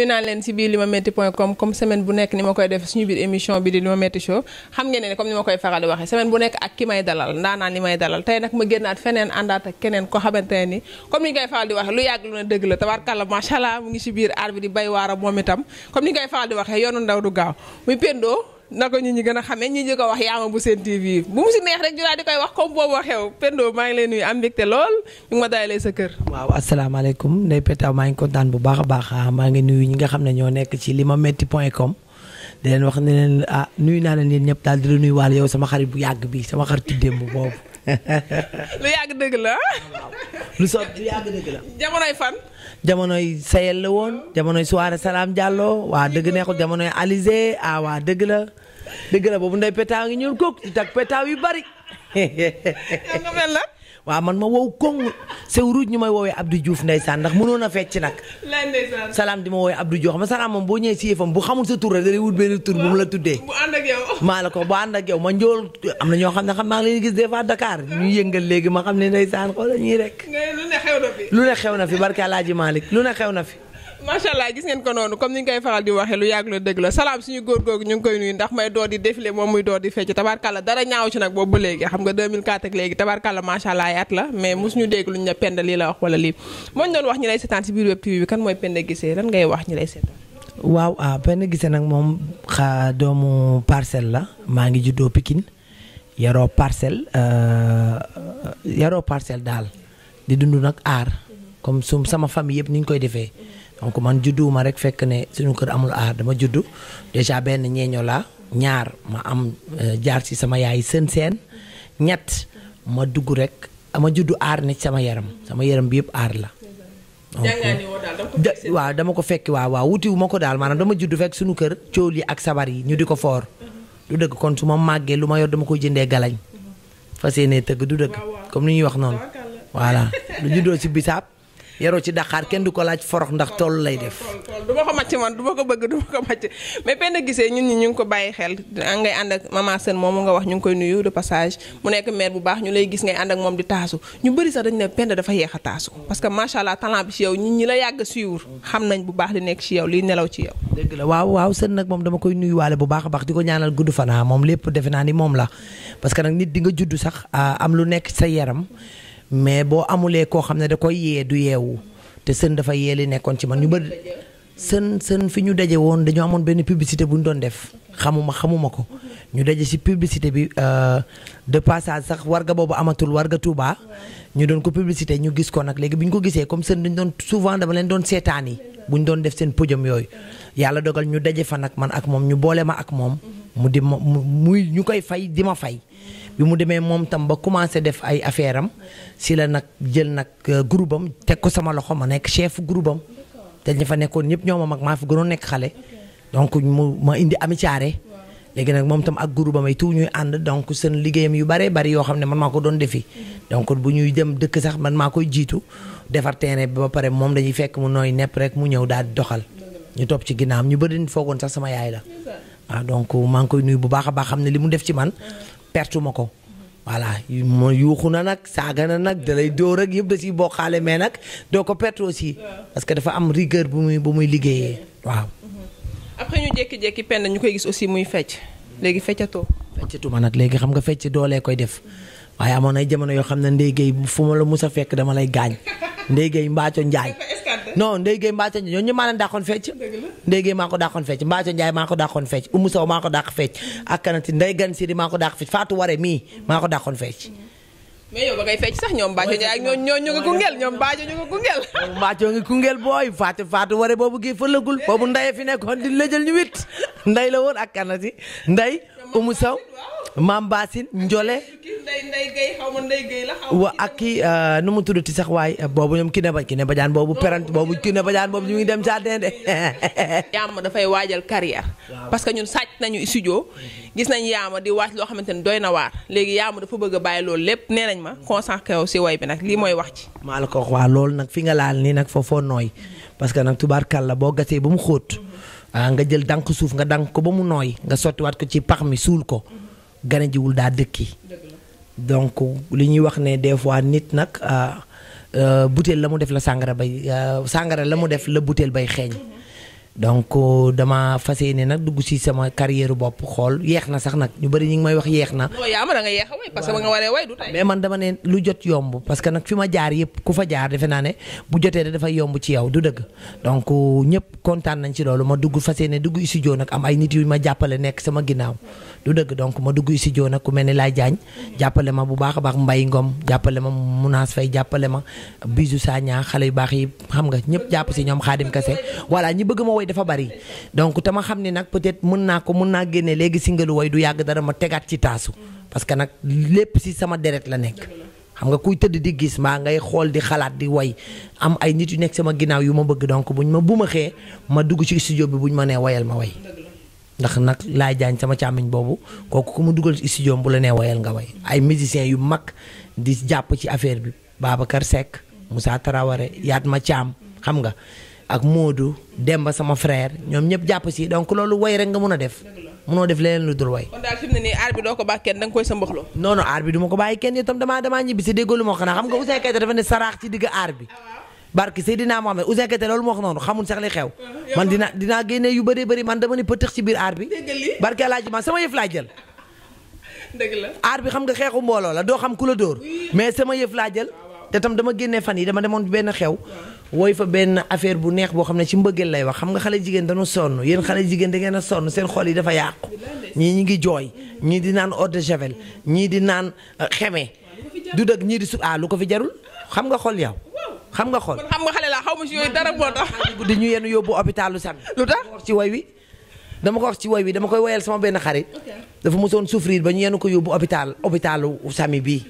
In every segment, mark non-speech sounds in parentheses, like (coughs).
nuyu naa leen si biir limametti point com comme semaine bu nekk ni ma koy def suñu biir émission bi di limametti show xam ngeen ne comme ni ma koy faral di waxee semaine bu nekk ak ki may dalal ndaanaan li may dalal tey nag ma génnaat feneen àndaat ak keneen ko xamante ne ni comme ni ñu koy faral di waxee lu yàgg lu ne dëgg la tabarkàlla macha allah mu ngi si biir aar bi di bay waara moom itam comme ni ñu koy di waxee yoonu ndaw du gaaw muy Pendo na ko ñi ñi gën a xamee ñi ñi ko wax yaama bu seen TV bu mu si neex rek ñu di koy wax comme boobu xew Pendo maa ngi lay nuyu am mbégte lool ma daalee sa kër. waaw asalaamaaleykum Ndeye Pétaw maa ngi kontaan bu baax a baax ah, maa ngi nuyu ñi nga xam ne ñoo nekk ci limametti.com di leen wax ne leen ah nuyu naa leen yéen ñëpp daal di la nuyu waale yow sama xarit bu yàgg bi sama xarit démb boobu. (laughs) lu yàgg dëgg la. (laughs) lu so lu la. jamonoy fan. jamonoy sayel la woon jamonoy soirée salaam Diallo waa dëgg neexul jamonoy Alizé ah waa dëgg la. dëgg la boobu ndey petaaw ngi ñuul kook di tak petaaw yu bari. yow nga waaw man ma wow koŋ sew ruuj ñu may woowee juuf Diouf ndeysaan ndax mënoon a fecc nag. lan ndeysaan salaam di ma woowee Abdou Diouf xam nga salaam moom boo ñëwee si yëfam bu xamul sa tur rek da lay wut benn la tuddee. maa la ko bu ànd ak yow ma njool am na ñoo xam ne xam naa leen gis des fois Dakar ñu yëngal léegi ma xam ne ndeysaan xoolal ñii rek. lu ne xew na fi. lu ne xew na barke Alaaji Malick lu ne xew na fi macha allah gis ngeen ko noonu comme ni ñu koy faral di waxee lu yàgg la dëgg la salaam suñu góor googu ñu ngi koy nuyu ndax may door di défilé moom muy door di fecc tabarkàlla dara ñaaw ci nag boobu ba léegi xam nga 2004 ak léegi tabarkàlla la mais mosuñu dégg luñ ne Penda la wax wala lii moo ñu doon wax ñi lay seetaan si biir web tv bi kan waaw ah Penda Guissé nag moom doomu parcelle la maa ngi juddoo Pikine yaroo parcel euh, yaroo parcelle daal di dund nag aar comme sum sama famille yëpp ni ñu koy defee donc man judduma rek fekk ne suñu kër amul a, dama judu, déjà benn ñeño la ñaar ma am euh, jaar ci sama yaay seen seen ñett ma dugg rek ama juddu ar ne sama yaram sama yaram bi arla. ar la waaw dama ko fekki wa wa wuti ma ko daal maanaam dama juddu fek suñu kër ciowli ak sabar yi ñu diko for du deug kon suma magge luma lu yor dama koy jëndé galagne fasiyene teug du deug comme ni ñuy wax non voilà lu juddoo ci bisaab Yaro ci Dakar ken du ko laaj forox ndax tol lay def. duma ko màcc man duma ko bëgg duma ko màcc mais Penda Guissé ñun ñi ñu ko bàyyi xel ah, ngay and ak mama sen mom nga wax ñu koy nuyu de passage mu nek maire bu baax ñu lay gis ngay and ak mom di tasu ñu bari sax dañ ne pen dafa yeexa tasu parce que machallah talent bi ci yow ñun ñi la yàgg suivre xam nañ bu baax li nek ci yow li nelaw ci yow. deug la waaw waaw sen nag mom dama koy walé bu baax baax diko ko ñaanal guddu fana ah, mom lepp defe ni mom la parce que nak nit di nga judd sax ah, am lu nek sa yaram mais boo amulee koo xam ne da koy yee du yeewu te sën dafay yee li nekkoon ci man ñu bëri sën sën fi ñu daje woon dañoo amoon benn publicité bu ñu doon def xamuma xamuma ko ñu daje si publicité bi euh, de passage sax warga boobu amatul warga Touba ñu doon ko publicité ñu gis ko nag léegi bi ñu ko gisee comme sën dañu doon souvent dama leen doon seetaan yi bu ñu doon def seen podium yooyu yàlla dogal ñu daje fa nag man ak moom ñu boole ma ak moom mu di ma muy ñu koy fay di ma fay bi mu demee moom tam ba commencé def ay affaire am si la nag jël nag euh, groupe am teg ko sama loxo ma nekk chef groupe am te ñi fa nekkoon ñëpp ñoo ma mag maa fi gënoon nekk xale donc mu ma indi ami léegi nag moom tam ak groupe ay tout ñuy ànd donc seen liggéeyam yu bare bari yoo xam ne man maa ko doon defi donc bu ñuy dem dëkk sax man maa koy jiitu defar terrain bi ba pare moom dañuy fekk mu nooy nepp rek mu ñëw daal di doxal ñu topp ci ginnaawam ñu bëri foogoon sax sama yaay la waaw ah, donc maa ngi koy nuyu bu baax a baax xam ne li mu def ci man pertu ma ko. voilà ma yuuxu na nag saaga na nag dalay dóor ak yëpp da ciy bokkaale mais nag doo ko perte aussi. parce que dafa am rigueur bu muy bu muy liggéeyee waaw. Mhm. après ñu jékki-jékki penn ñu koy gis aussi muy fecc léegi feccatoo. feccatuma nag léegi xam nga fecc doolee koy def mhm. waaye amoon ay jamono yoo xam ne ndéygéey fu ma la mus a fekk dama lay gaañ. (laughs) Ndeye Gueye Mbaaco Ndiaye. non Ndeye Gueye Mbaaco Ndiaye ñooñu ñu maa leen dàqoon fecc. Ndeye Gueye maa ko dàqoon fecc Mbaaco Ndiaye maa ko dàqoon fecc Oumou Sow maa ko dàq fecc ak kanati Ndeye Gan Siri maa ko dàq fecc Fatou Waré mii maa ko dàqoon fecc. mais yow ba ngay fecc sax ñoom Mbaaco Ndiaye ak ñoom ñoo ñu ngi Koungheul ñoom Mbaaco ñu ngi Koungheul. (laughs) Mbaaco ngi Koungheul booy Fatou Fatou Waré boobu gii fëlagul boobu Ndeye fi nekkoon di la jël ñu wit Ndeye la woon ak kanati Ndeye Oumou Sow maam Basine Ndiolé. wa ak kii euh, nu mu tuddati sax waay euh, boobu ñoom kii ne ba ki ne bajaan boobu perant boobu ki ne bajaan boobu ñu ngi dem jardin de. (laughs) yaama dafay waajal carrière. parce que ñun sàcc nañu studio. gis nañ yaama di waaj loo xamante ni doy na waar léegi yaama dafa bëgg a loolu lépp nee nañ ma concentré wu si way bi nag lii mooy wax ci. maa la ko wax waa loolu nag fi nga laal nii nag foofoo nooy parce que nag tubaarkàlla boo gasee ba mu xóot. Ah, nga jël dànk suuf nga dànk ko ba mu nooy nga sottiwaat ko ci pax mi suul ko. gane jiwul daa dëkki donc li ñuy wax ne des fois nit nag ah, euh, butéel la mu def la sàngara bay ah, sàngara la mu def la butéel bay xeeñ donc dama fas yéene nag dugg si sama carrière bopp xool yeex na sax nag ñu bari ñu ngi may wax yeex na. mais man dama ne lu jot yomb parce que nag fi ma jaar yëpp ku fa jaar defe naa ne bu jotee da dafay yomb ci yow du dëgg. donc ñëpp kontaan nañ ci loolu ma dugg fas ne dugg studio nag am ay nit yu ma jàppale nekk sama ginnaaw. du dëgg donc ma dugg si studio nag ku mel ni laay Diagne jàppale ma bu baax a baax mbay Ngom jàppale ma Mounas Faye jàppale ma Bijou Sagna xale yu baax yi xam nga ñëpp jàpp si ñoom Xaadim Kase voilà ñi bëgg ma woy dafa bari donc te ma xam ni nag peut-être mën naa ko mën naa génne léegi singalu woy du yàgg dara ma tegaat ci taasu parce que nag lépp si sama deret la nekk xam nga kuy tëdd di gis mbaa ngay xool di xalaat di woy am ay nit yu nekk sama ginnaaw yu ma bëgg donc buñ ma bu ma xee ma dugg ci studio bi buñ ma nee wayal ma way ndax nag laay jaañ sama càmmiñ boobu kooku ku mu dugal ci studio bu la nee wayal nga way ay musiciens yu mag di jàpp ci affaire bi Babacar Seck Moussa Traoré Yatma Thiam xam nga ak Modou Demba sama frère ñoom ñëpp jàpp si donc loolu way rek nga mun a def munoo def leneen lu dul way. aar bi doo ko bàyyi kenn danga koy sa mboxloo. aar bi du ma ko bàyyi kenn itam damaa damaa ñibbi si déggoo lu ma xanaa xam nga Ouzin Keita dafa ne saraax ci digg aar bi. Ah barki Seydina Mohamed Ouzin Keita loolu moo wax noonu xamul sax li xew. man dina dinaa génne yu bëree bëri man dama ni pëtëx ci biir aar bi. dëgg barki Alaaji man sama yëf laa jël. dëgg la aar bi xam nga xeexu mbooloo la doo xam ku la mais sama yëf laa jël. te tam dama génne fan yi dama demoon benn xew. wooy fa benn affaire bu neex boo xam ci mbëggeel lay wax xam nga xale jigéen dañu sonn yéen xale jigéen da ngeen a sonn seen xol yi dafa yàqu. ñii ñi ngi jooy ñii di naan eau de javel ñii di naan xeme. du dëgg ñii di su ah lu ko fi jarul xam nga xol yow xam nga xool xam nga xale la xaw ma si yooyu dara moo tax. (laughs) guddi ñu yenn yóbbu hôpitalu wax ci way wi dama ko wax ci way wi dama koy sama benn xarit. dafa mosoon souffrir ba ñu ko yóbbu hôpital hôpitalu sami bii.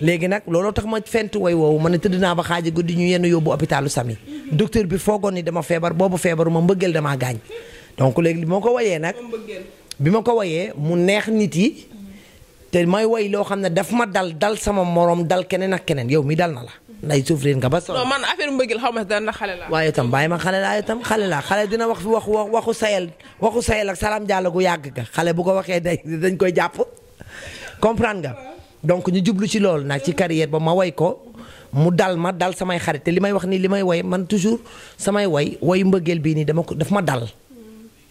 léegi nag looloo tax ma fent way woowu ma ne tëdd naa ba xaaji guddi ñu yenn yóbbu hôpitalu sami. Mhm. docteur bi foogoon ni dama feebar boobu feebaru ma mbëggeel damaa gaañ. donc léegi bi ma ko woyee nag. bi ma ko woyee mu neex nit yi. Mhm. te may woy loo xam ne daf ma dal dal sama moroom dal keneen ak keneen yow mi dal na la nday souffrir nga ba. non man affaire mbëggeel xaw ma dana xale laa. waaye tam bàyyi ma xale laa itam xale laa xale dina wax fi wax waxu sayel waxu sayel ak salaam jàll gu yàgg ga xale bu ko waxee day dañ koy jàpp comprendre nga. donc ñu jublu ci loolu nag ci carrière ba ma woy ko mu dal ma dal samay xarit te li may wax nii li may way man toujours samay woy woyu mbëggeel bii nii dama ko daf ma dal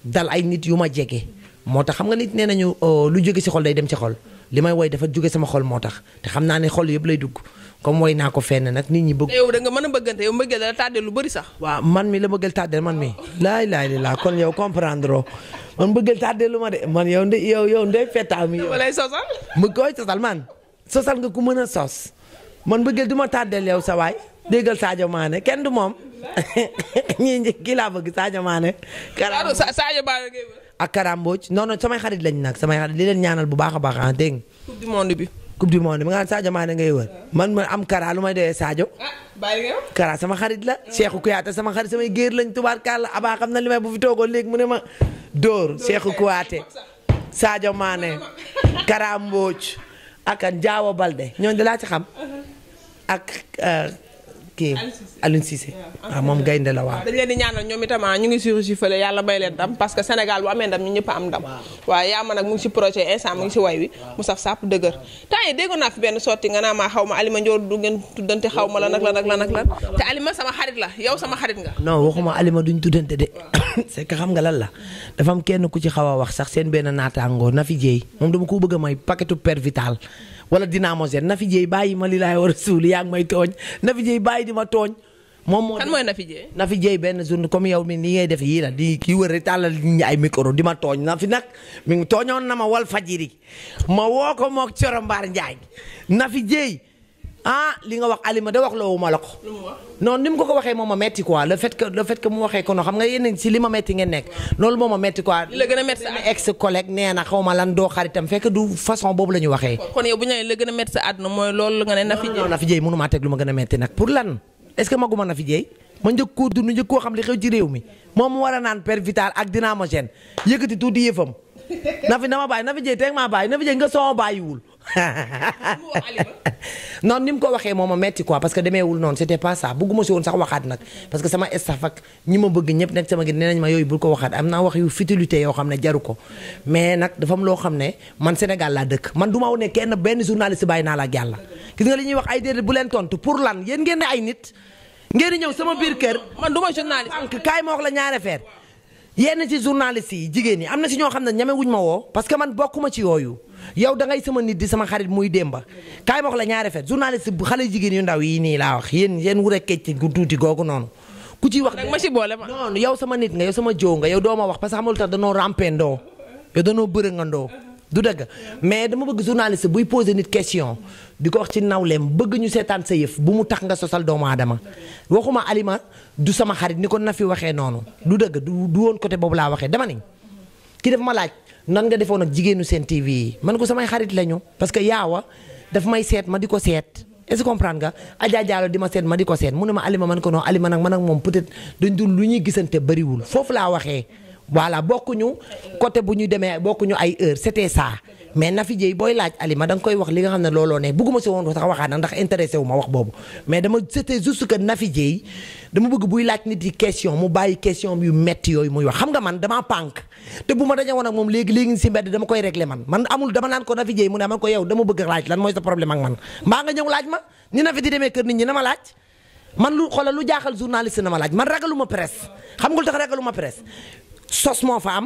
dal ay nit yu ma jege moo tax xam nga nit nee nañu oh, lu jóge ci xol day dem ci xol li may way dafa jóge sama xol moo tax te xam naa ne xol yëpp lay dugg comme woy naa ko fenn nag nit ñi bëgg. yow da nga mën a bëggante yow mbëggeel la tàddee lu bëri sax. waaw man mi la bëggeel tàddee man mi. laay oh. laay laa kon yow comprendre man bëggeel tàddee lu ma yow ndey yow yow ndey fettaa mi. yow lay sosal. mu koy sosal man sosal nga ku mën a sos man bëggeel du ma tàddeel yow sa waay déggal Sadio maane kenn du moom (laughs) ñii kii laa bëgg Sadio Mané. Karam Sadio Mané ak Karam Mbodj non non samay xarit lañ nag samay xarit li ñaanal bu baax a baax ah dégg coupe du monde bi nga xam Sadio Mané ngay wër man ma am Kara lu may doyee Sadio. Ah, kara sama xarit la. ku Kouyaté sama xarit samay géer lañ tubaarkàlla abaa xam na li may bu fi toogoon léegi mu ne ma. Dóor Cheikhou Kouyaté Sadio Mané Kara Mbodj bal Diao Balde ñooñu dalaa ci xam uh-huh. ak. Euh, kii Alioune Cissé waaw ah, moom gaynde la waaw dañ leen ñaanal ñoom itam ah, ñu ngi si réussi yàlla may leen ndam parce que bu amee ndam ñu ñëpp am ndam waaw yaa nag mu ngi si projet instant mu ngi si way wi mu saf sàpp dëgër temps yi déggoon naa fi benn sotti nga naa maa xaw Alima Ndiol du ngeen tuddante xaw la nag la nag la nag la te Alima sama xarit la yow sama xarit nga non waxuma Alima duñ tuddante de (coughs) c'est que xam nga lan la dafa am kenn ku ci xaw a wax sax seen benn naataangoo na fi jeey moom a wala Dinamo Z Nafi Dieye bàyyi ma li laay war a suul yaa may tooñ Nafi Dieye bàyyi di ma tooñ. moom moo kan Nafi Dieye. Nafi Dieye benn journée comme yow mi ni ngay def yii di kii wër rek tàllal nit ñi ay micro di ma tooñ Nafi nag mi ngi tooñoon na ma wal fajiri ma woo ko moog Coro Mbaar Ndiaye Nafi Dieye ah li nga wax Alima da wax loo ma la ko. non ni mu ko ko waxee moom ma metti quoi le fait que le fait que mu waxee ko no xam nga yéen si li ma metti ngeen nekk. loolu moo ma metti quoi. la gën a metti sa ex collègue la ñu waxee. kon yow bu ñu a metti sa àdduna mooy loolu nga ne Nafi Dieye. non teg lu ma gën a metti nag pour lan est-ce que maguma Nafi Dieye ma njëkk koo dund xam li xew ci réew mi moom mu war a naan per vital ak dynamogène yëkkati tuuti yëfam (laughs) Nafi dama bàyyi Nafi Dieye bàyyiwul (laughs) non ni mu ko waxee moom ma metti quoi parce que demeewul noonu c'était pas ça bëgguma si woon sax waxaat nag parce que sama staff ak ñi ma bëgg ñëpp nag sama gi nee nañ ma yooyu bul ko waxaat am naa wax yu futilité yoo xam ne jaru ko mais nag dafa am loo xam ne man Sénégal laa dëkk man du ma ne kenn benn journaliste bàyyi naa la ak yàlla gis nga li ñuy wax ay déedéet bu leen tontu pour lan yéen ngeen ay nit ngeen ñëw sama biir kër man du ma journaliste sànq kaay la ñaari affaire yenn ci journaliste yi jigéen ñi am na si ñoo xam ne ñamewuñ ma woo parce que bokkuma ci yooyu yow dangay sama nit di sama xarit muy Demba kaay ma wax la ñaari fet journaliste bu xale jigéen yu ndaw yi nii laa wax yéen yéen wu rekk ci gu tuuti googu noonu. ku ciy wax nag ma ci boole sama nit nga yow sama joo nga yow doo ma wax parce que xamul tax danoo rampendoo yow danoo bërëngandoo du dëgg mais dama bëgg journaliste buy poser nit question bi ko wax ci nawleem bëgg ñu seetaan sa yëf bu mu tax nga sosal doomu aadama waxuma aliment du sama xarit ni ko na fi waxee noonu du dëgg du woon côté boobu laa waxee dama ni ki def ma laaj nan nga defoon ak jigéenu seen TV yi man ko samay xarit lañu parce que yaawa daf may seet ma di ko seet est-ce que nga Adja di ma seet ma di ko seet mu ne ma Alima man ko non Alima nag ma ak moom peut-être dañ dul lu ñuy gisante bëriwul foofu laa waxee voilà bokkuñu côté bu ñu demee bokkuñu ay heure c'était ça mais Nafi Dieye booy laaj Alima da nga koy wax li nga xam ne looloo ne bëgguma si woon sax waxaat nag ndax intéressé wu ma wax boobu mais dama c'était juste que Nafi Dieye dama bëgg buy laaj nit yi question mu bàyyi question yu metti yooyu muy wax xam nga man damaa pànk te bu ma daje woon ak moom léegi léegi si mbedd dama koy réglé man man amul dama naan ko Nafi Dieye mu ne man ko yow dama bëgg laaj lan mooy sa problème ak man mbaa nga ñëw laaj ma ni Nafi di demee kër nit ñi na ma laaj man lu xoolal lu jaaxal journaliste na ma laaj man ragaluma presse xam nga lu tax ragaluma presse sos moo fa am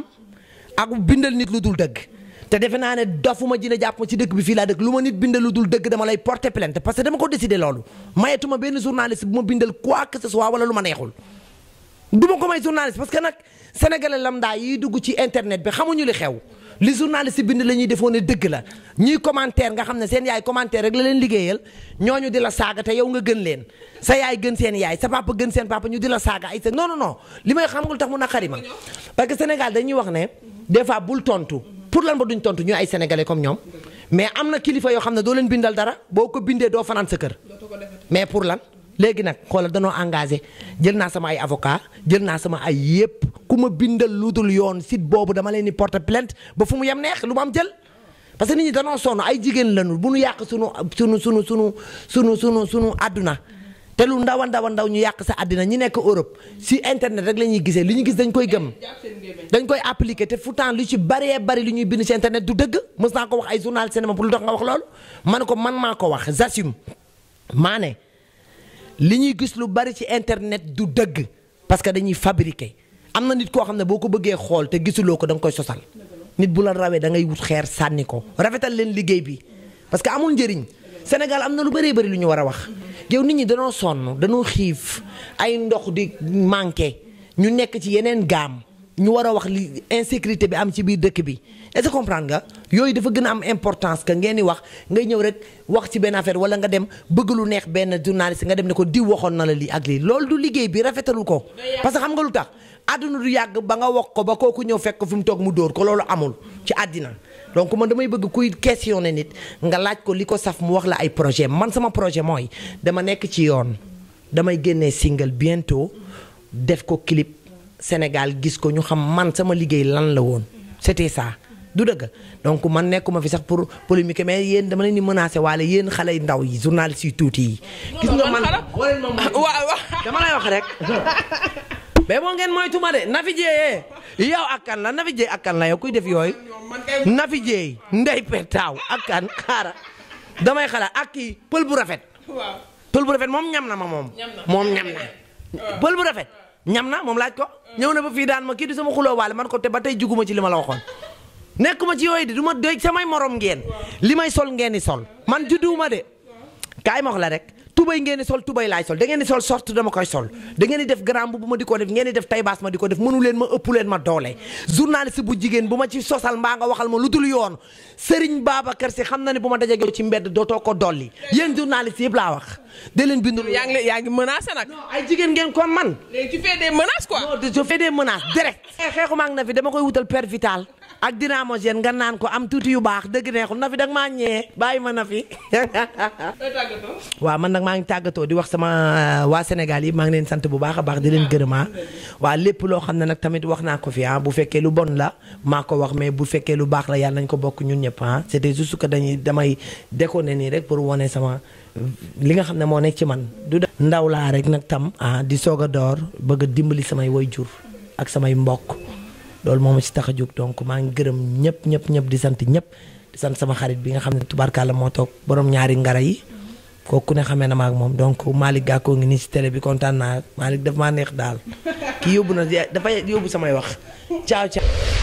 ak bindal nit lu dul dëgg te defe naa ne dofuma dina jàpp ma ci dëkk bi fii laa dëkk lu ma nit bindal lu dul dëgg dama lay porter plainte parce que dama ko décider loolu mayetuma benn journaliste bu ma bindal quoi que ce soit wala lu ma neexul du ma ko may journaliste parce que nag sénégalais lambda yiy dugg ci internet bi xamuñu li xew li si bind la ñuy defoon ne dëgg la ñuy commentaire nga xam ne seen yaay commentaire rek la leen liggéeyal ñooñu di la saaga te yow nga gën leen sa yaay gën seen yaay sa papa gën seen papa ñu di la saaga ay sa non li may xam nga lu tax mu naqari ma parce que Sénégal dañuy wax ne des fois bul tontu. pour lan ba duñ tontu ñu ay sénégalais comme ñoom mais am na kilifa yoo xam ne doo leen bindal dara boo ko bindee doo fanaan sa kër mais pour lan léegi nag xoolal danoo engagé jël naa sama ay avocat jël naa sama ay yépp ku ma bindal lu dul yoon site boobu dama leen di porter plainte ba fu mu yem neex lu ma am jël parce que nit ñi danoo sonn ay jigéen lañu bu nu yàq sunu sunu sunu sunu sunu sunu sunu àdduna te lu ndawa ndawa ndaw ñu yàq sa àddina ñi nekk Europe si internet rek la ñuy gisee li ñu gis dañ koy gëm dañ koy appliquer te pourtant lu ci baree bëri lu ñuy bind si internet du dëgg mës naa ko wax ay journal cinéma pour lu tax nga wax loolu man ko man maa ko wax j'assume maa ne li ñuy gis lu bari ci internet du dëgg parce que dañuy fabriquer am na nit koo xam ne boo ko bëggee xool te gisuloo ko da nga koy sosal nit bu la rawee da wut xeer sànni ko rafetal leen liggéey bi parce que amul njëriñ Sénégal am na lu bëree bëri lu ñu war a wax yow nit ñi danoo sonn danoo xiif ay ndox di manqué ñu nekk ci yeneen gaam ñu war a wax li insécurité bi am ci biir dëkk bi est-ce que nga yooyu dafa gën a am importance que ngeen di wax ngay ñëw rek wax ci benn affaire wala nga dem bëgg lu neex benn du si nga dem ne ko diw waxoon na la lii ak lii loolu du liggéey bi rafetalu ko. parce que xam nga lu tax àdduna du yàgg ba nga wax ko ba kooku ñëw fekk ko mu toog mu dóor ko loolu amul ci àddina. donc man damay bëgg kuy questionner nit nga laaj ko li ko saf mu wax la ay projet man sama projet mooy dama nekk ci yoon damay génne single bientôt def ko clip Sénégal gis ko ñu xam man sama liggéey lan la woon c'était ça du dëgg donc man nekkuma fi sax pour polémique mais yéen dama leen di menacé waale yéen xale yu ndaw yi journaliste yu tuuti yi. gis nga man (laughs) waaw waaw dama lay wax rek. (laughs) mais boo ngeen moytu ma de Nafi Dieye yow ak kan la Nafi Dieye ak kan la yow kuy def yooyu Nafi Dieye ndey pertaaw ak kan xaara damay xalaat ak kii pël bu rafet. waaw pël bu rafet moom ñam na ma moom. moom ñam na ah. pël bu rafet. ñam na moom laaj ko ah. ñëw na ba fii daan ma kii di sama xuloo waale man ko te ba tey juguma ci li ma la waxoon nekkuma ci yooyu de du ma doy samay morom ngeen li may sol ngeen di sol man judduwuma de kaay ma la rek tubay ngeen di sol tubay laay sol da ngeen di sol sorte dama koy sol da ngeen di def grand bu ma di ko def ngeen di def tay ma di ko def mënu leen ma ëpp leen ma doole journaliste bu jigéen bu ma ci sosal mbaa nga waxal ma lu dul yoon Serigne Babacar Sy xam na ne bu ma dajagee ci mbedd dootoo ko dolli yéen journaliste yëpp laa wax da leen bindul yaa ngi yaa ngi menacé nag ay jigéen ngeen ko man léegi tu fais des menaces quoi non je fais (laughs) na fi dama koy wutal père vital ak dynamogène nga naan ko am tuuti yu baax dëgg neexul na fi da maa ñëwee bàyyi ma na fi. (laughs) waaw man nag maa ngi tàggatoo di wax sama euh, waa Sénégal yi maa ngi leen sant bu baax a baax di leen gërëmaa ah. waa lépp loo xam ne nag tamit wax naa ko fi ah bu fekkee lu bon la maa ko wax mais bu fekkee lu baax la yàlla nañ ko bokk ñun ñëpp ah c'était juste que dañuy damay déconné nii rek pour wane sama li nga xam ne moo nekk ci man. du ndaw laa rek nag tam ah, di soog a door bëgg a dimbali samay way jur ak samay mbokk. loolu moom si tax a jug donc maa ngi gërëm ñëpp ñëpp ñëpp di sant ñëpp di sant sama xarit bi nga xam ne tubaarkàlla moo toog borom ñaari ngara yi kooku ne xamee na ma ak moom donc Malick Gakou ngi nii si télé bi kontaan naa Malick daf maa neex daal kii yóbbu na dafay yóbbu samay wax caaw caaw.